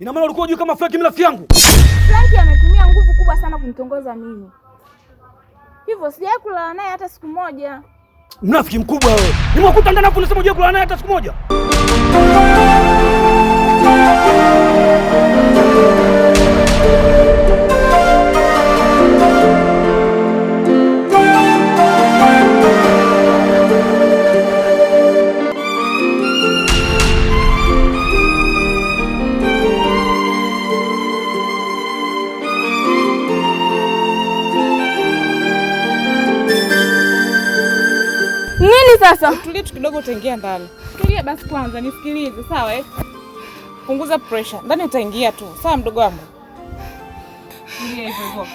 Ina maana ulikuwa unajua kama Frank ni rafiki yangu? Frank ametumia nguvu kubwa sana kunitongoza mimi. Hivyo sijawahi kulala naye hata siku moja. Mnafiki mkubwa wewe. Nimekuta ndani hapo unasema unajua kulala naye hata siku moja. sasa? Tulie tu kidogo, utaingia ndani. Tulia basi kwanza nisikilize, sawa eh? Punguza pressure. Ndani utaingia tu, sawa mdogo wangu? Ndio hivyo hivyo.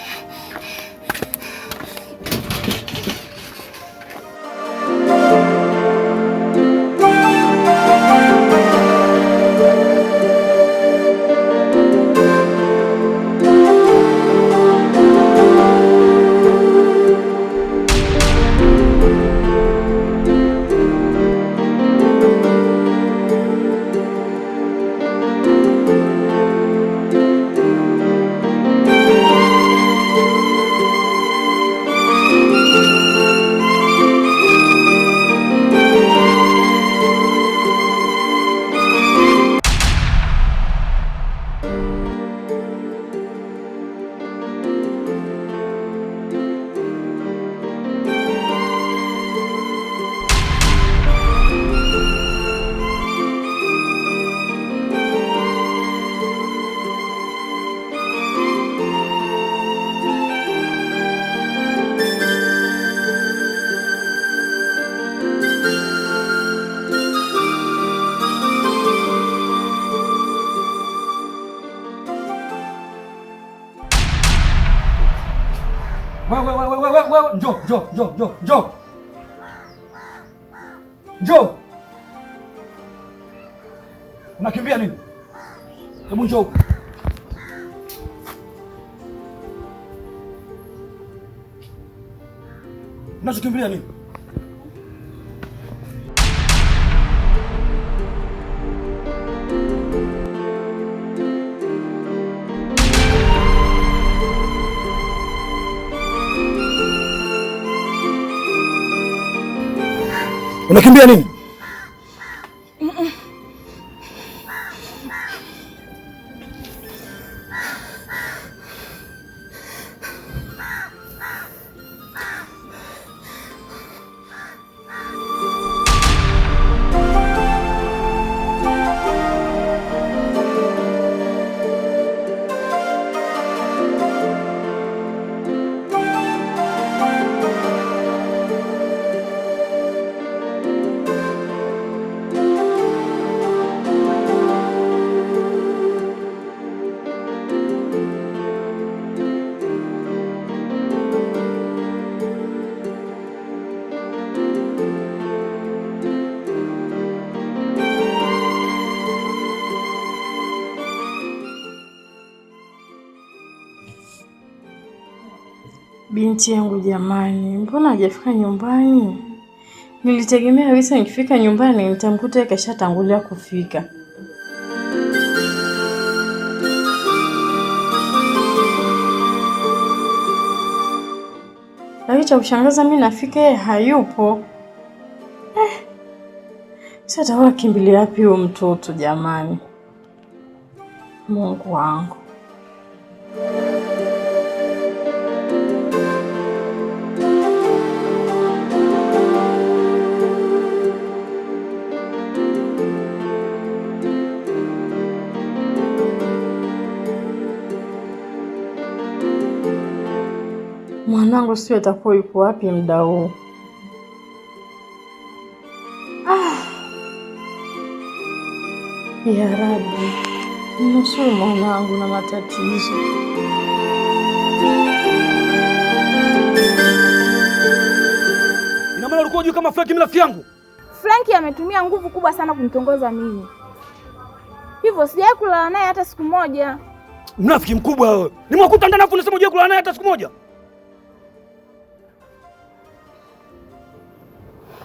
Joe, Joe, Joe! Joe! muito Jo, Hebu njoo. Unachokimbia nini? Unakimbia nini? Binti yangu jamani, mbona hajafika nyumbani? Nilitegemea kabisa nikifika nyumbani nitamkuta yeye kashatangulia kufika. Lakini cha kushangaza mimi nafika yeye hayupo. Eh, sasa kimbilia wapi huyo mtoto jamani? Mungu wangu. Mwanangu sio atakuwa yuko wapi muda huu? Ah, ya Rabbi, mnusuru mwanangu na matatizo. Ina maana ulikuwa unajua kama Frank mimi rafiki yangu? Frank ametumia nguvu kubwa sana kunitongoza mimi, hivyo sijawahi kulala naye hata siku moja. Mnafiki mkubwa wewe! Nimekuta ndani afu unasema unajua kulala naye hata siku moja.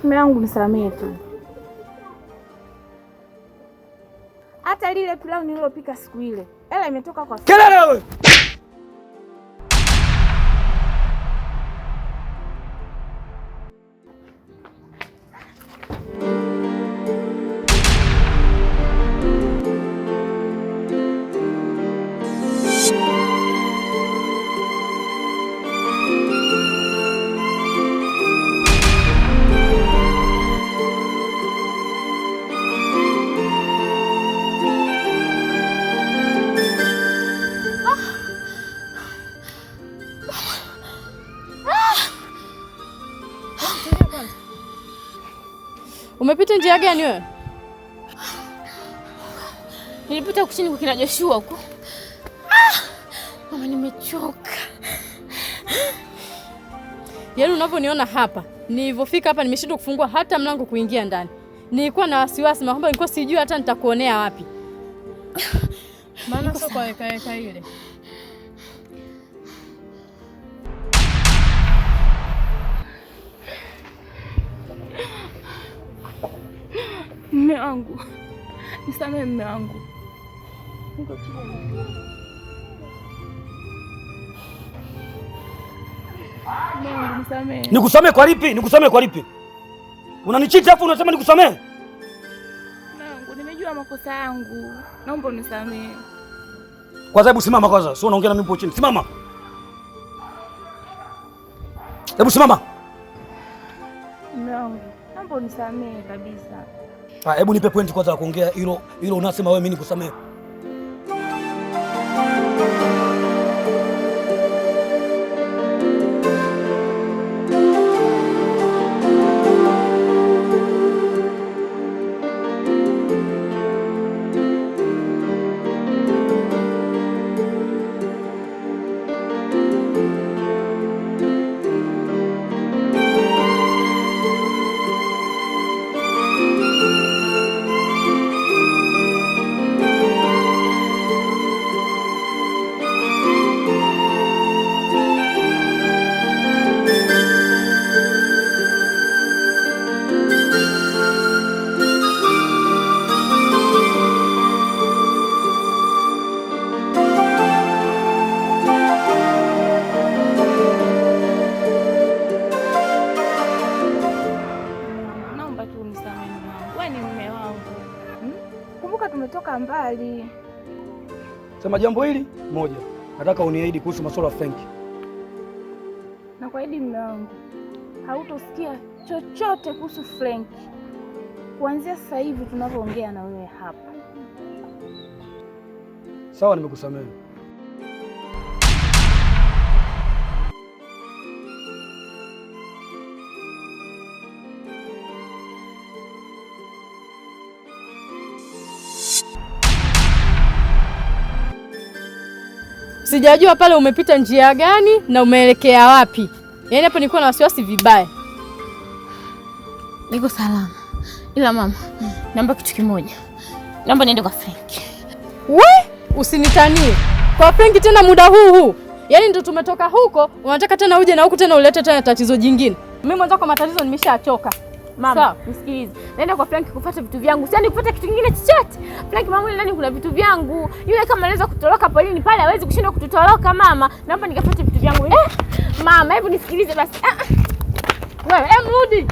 Mume wangu nisamehe tu. Hata lile pilau nililopika siku ile, hela imetoka kwa kelele wewe. Umepita njia gani wewe? Nilipita kuchini kwa kina Joshua huko. Mama, nimechoka. Yaani unavyoniona hapa, nilivyofika hapa nimeshindwa kufungua hata mlango kuingia ndani. Nilikuwa na wasiwasi kwamba nilikuwa sijui hata nitakuonea wapi. Maana sio kwa heka heka ile. Mme wangu nisamehe, mme wangu. Nikusamehe kwa lipi? Nikusamehe kwa lipi? Unanichiti afu unasema nikusamehe? Nimejua makosa yangu, naomba unisamehe. Kwa sababu simama kwanza, sio unaongea na mimi hapo chini. Simama. Hebu simama. Naomba unisamehe kabisa. Ah, hebu nipe point kwanza ya kuongea hilo hilo, unasema wewe mimi nikusamehe. Sema jambo hili moja, nataka uniahidi kuhusu masuala ya Frenki. Na kuahidi mume wangu, hautosikia chochote kuhusu Frenki kuanzia sasa hivi tunavyoongea na wewe hapa. Sawa, nimekusamehe. sijajua pale umepita njia gani na umeelekea wapi. Yaani hapo nilikuwa na wasiwasi vibaya. Niko salama, ila mama, hmm, naomba kitu kimoja, naomba niende kwa Frank. We usinitanie kwa Frenki tena muda huu huu, yaani ndo tumetoka huko, unataka tena uje na huku tena ulete tena tatizo jingine. Mimi mwenzako matatizo nimeshachoka. Mama, sawa, msikilize. Naenda kwa Frank kufuata vitu vyangu. Siani kufuata kitu kingine chochote. Frank, mama, ndani kuna vitu vyangu. Yule kama anaweza kutoroka polini pale hawezi kushindwa kututoroka mama. Naomba nikafuate vitu vyangu. Eh, mama, hebu nisikilize basi. Ah, ah. Wewe, hebu rudi.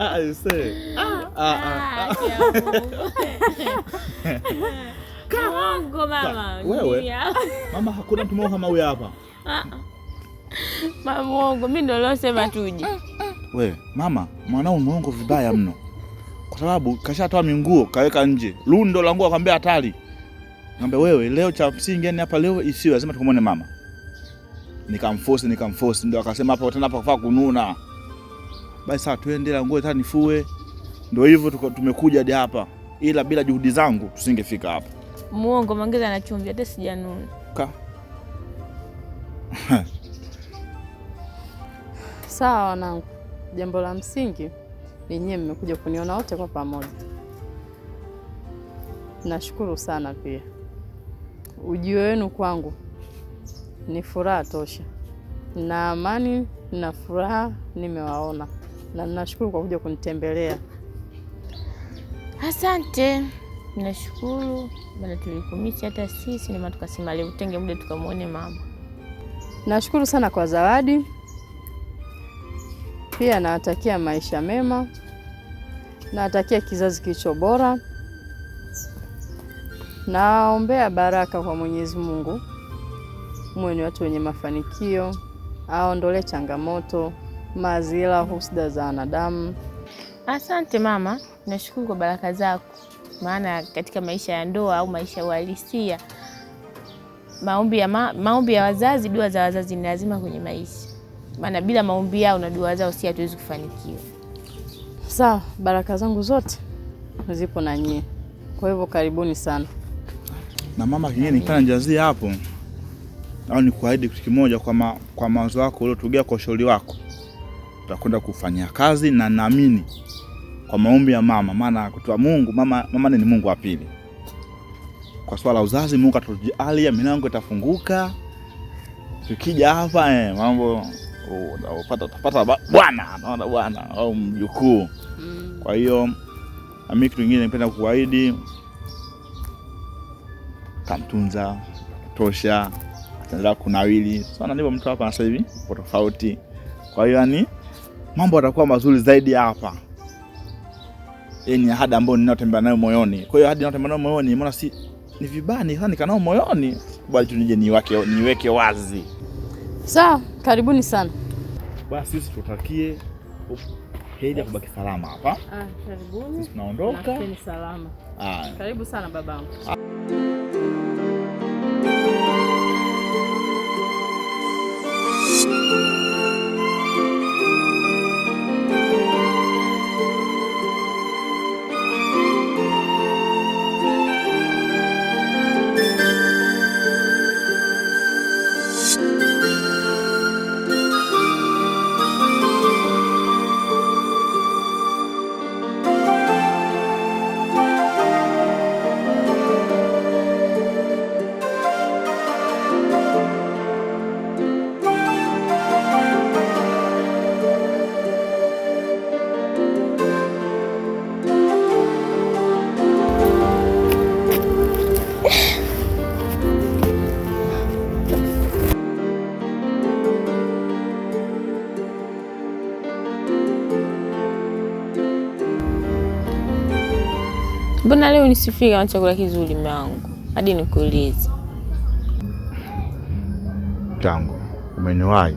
Ah, ah, ah, wewe mama, hakuna mtu mwongo kama huyo hapa. Mama mwongo mimi ndio losema tuje. Wewe mama, mwanao mwongo vibaya mno, kwa sababu kashatoa minguo kaweka nje lundo la nguo, akwambia hatari. Ngambia wewe, leo cha msingi yani hapa leo isiwe lazima tukumwone mama nikamforce nikamforce, ndio akasema hapo tena hapa kununa. Basi sasa twende la nguo tena Ndio hivyo tumekuja hadi hapa, ila bila juhudi zangu tusingefika hapa. Muongo mangeza na chumvi, hata sijanunua. ka Sawa wanangu, jambo la msingi ni mmekuja kuniona wote kwa pamoja. Nashukuru sana pia ujio wenu kwangu ni furaha tosha na amani na furaha. Nimewaona na ninashukuru kwa kuja kunitembelea. Asante, nashukuru bana, tulikumisha hata sisi nima tukasema leo utenge muda tukamwone mama. Nashukuru sana kwa zawadi, pia nawatakia maisha mema, nawatakia kizazi kilicho bora, nawaombea baraka kwa Mwenyezi Mungu muwe ni watu wenye mafanikio, aondolee changamoto, mazila, husda za wanadamu. Asante mama, nashukuru kwa baraka zako, maana katika maisha ya ndoa au maisha uhalisia, maombi ya, ma, maombi ya wazazi, dua za wazazi ni lazima kwenye maisha, maana bila maombi yao na dua zao si hatuwezi kufanikiwa. Sawa, baraka zangu zote zipo na nyie, kwa hivyo karibuni sana. Na mama kingine nikanajazia hapo au ni kuahidi kitu kimoja, kwa, ma, kwa mawazo yako uliotugea, kwa ushauri wako utakwenda kufanyia kazi, na naamini kwa maombi ya mama, maana kutoa Mungu mama, mama ni Mungu wa pili kwa swala uzazi. Mungu atatujalia, milango itafunguka, tukija hapa eh, mambo utapata utapata bwana, naona bwana au mjukuu. Mm. Kwa hiyo mimi kitu kingine napenda kuahidi, kamtunza tosha itaendelea kunawili sana. Ndivyo mtu hapa sasa hivi kwa tofauti, kwa hiyo yani mambo yatakuwa mazuri zaidi hapa. Hii ni ahadi ambayo ninayotembea nayo moyoni. Kwa hiyo ahadi ninayotembea nayo moyoni, mbona si ni ni sana nikanao moyoni, bali tu nije niweke niweke wazi. Sawa, karibuni sana. Basi sisi tutakie heri ya kubaki salama hapa. Ah, karibuni. Tunaondoka. Salama. Ah. Karibu sana babangu. Mbona leo nisifika kama chakula kizuri mume wangu? Hadi nikuulize. Tangu umeniwahi.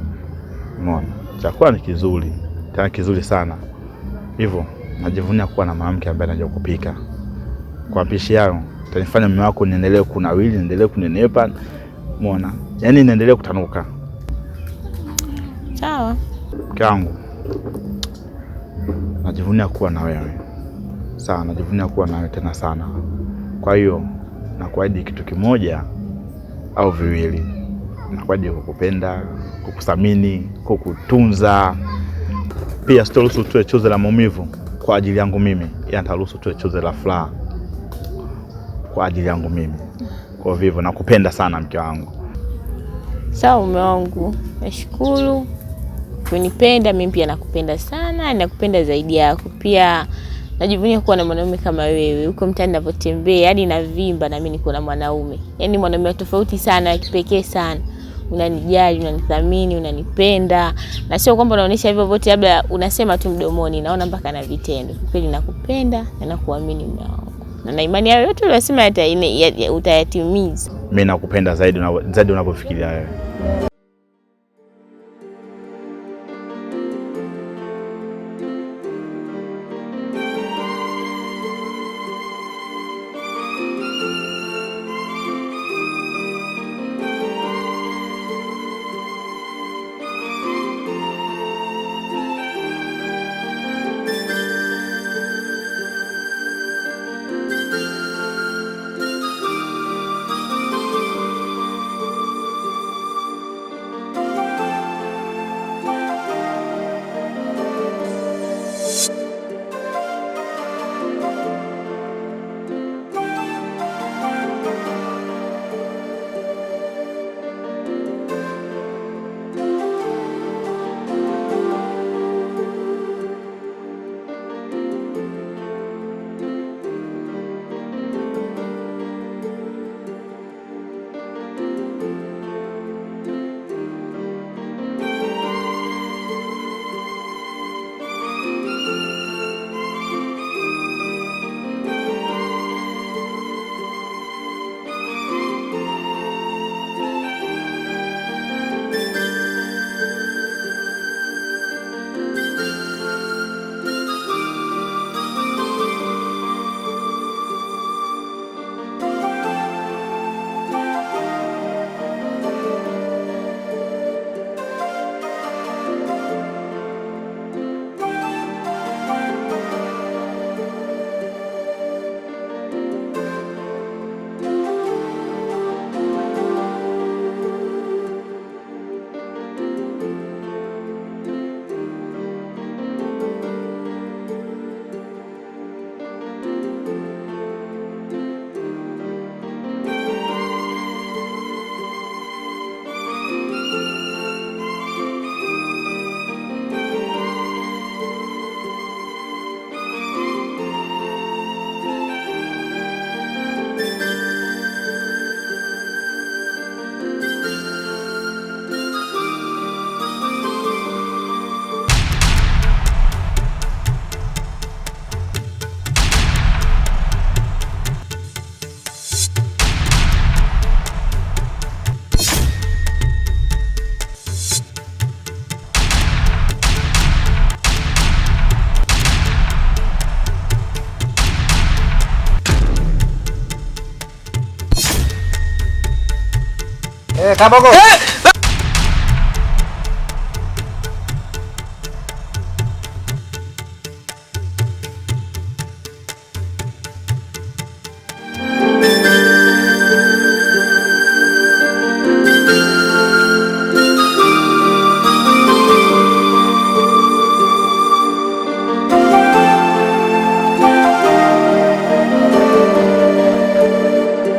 mona Chakula ni kizuri. Tena kizuri sana. Hivyo najivunia kuwa na mwanamke ambaye anajua kupika. Kwa pishi yao tanifanya mume wako niendelee kunawili, niendelee kunenepa. mona Yaani niendelee kutanuka. Sawa. Mke wangu. Najivunia kuwa na wewe sana, najivunia kuwa nawe tena sana. Kwa hiyo nakuahidi kitu kimoja au viwili, nakuahidi kukupenda, kukuthamini, kukutunza. Pia sitaruhusu tuwe chuze la maumivu kwa ajili yangu mimi, ila nitaruhusu tuwe chuze la furaha kwa ajili yangu mimi. Kwa hivyo nakupenda sana mke wangu. Sawa mume wangu, nashukuru kunipenda mimi. Pia nakupenda sana, nakupenda zaidi yako pia najivunia kuwa na mwanaume kama wewe. Huko mtaani ninavyotembea, hadi yaani navimba na mimi niko na mwanaume. yani mwanaume tofauti sana, kipekee sana. Unanijali, unanithamini, unanipenda, na sio kwamba unaonyesha hivyo vote, labda unasema tu mdomoni, naona mpaka na vitendo. Kweli nakupenda na nakuamini mume wangu, na na imani yao yote uliyosema utayatimiza. Mimi nakupenda zaidi zaidi unavyofikiria wewe. acá, poco. ¡Eh!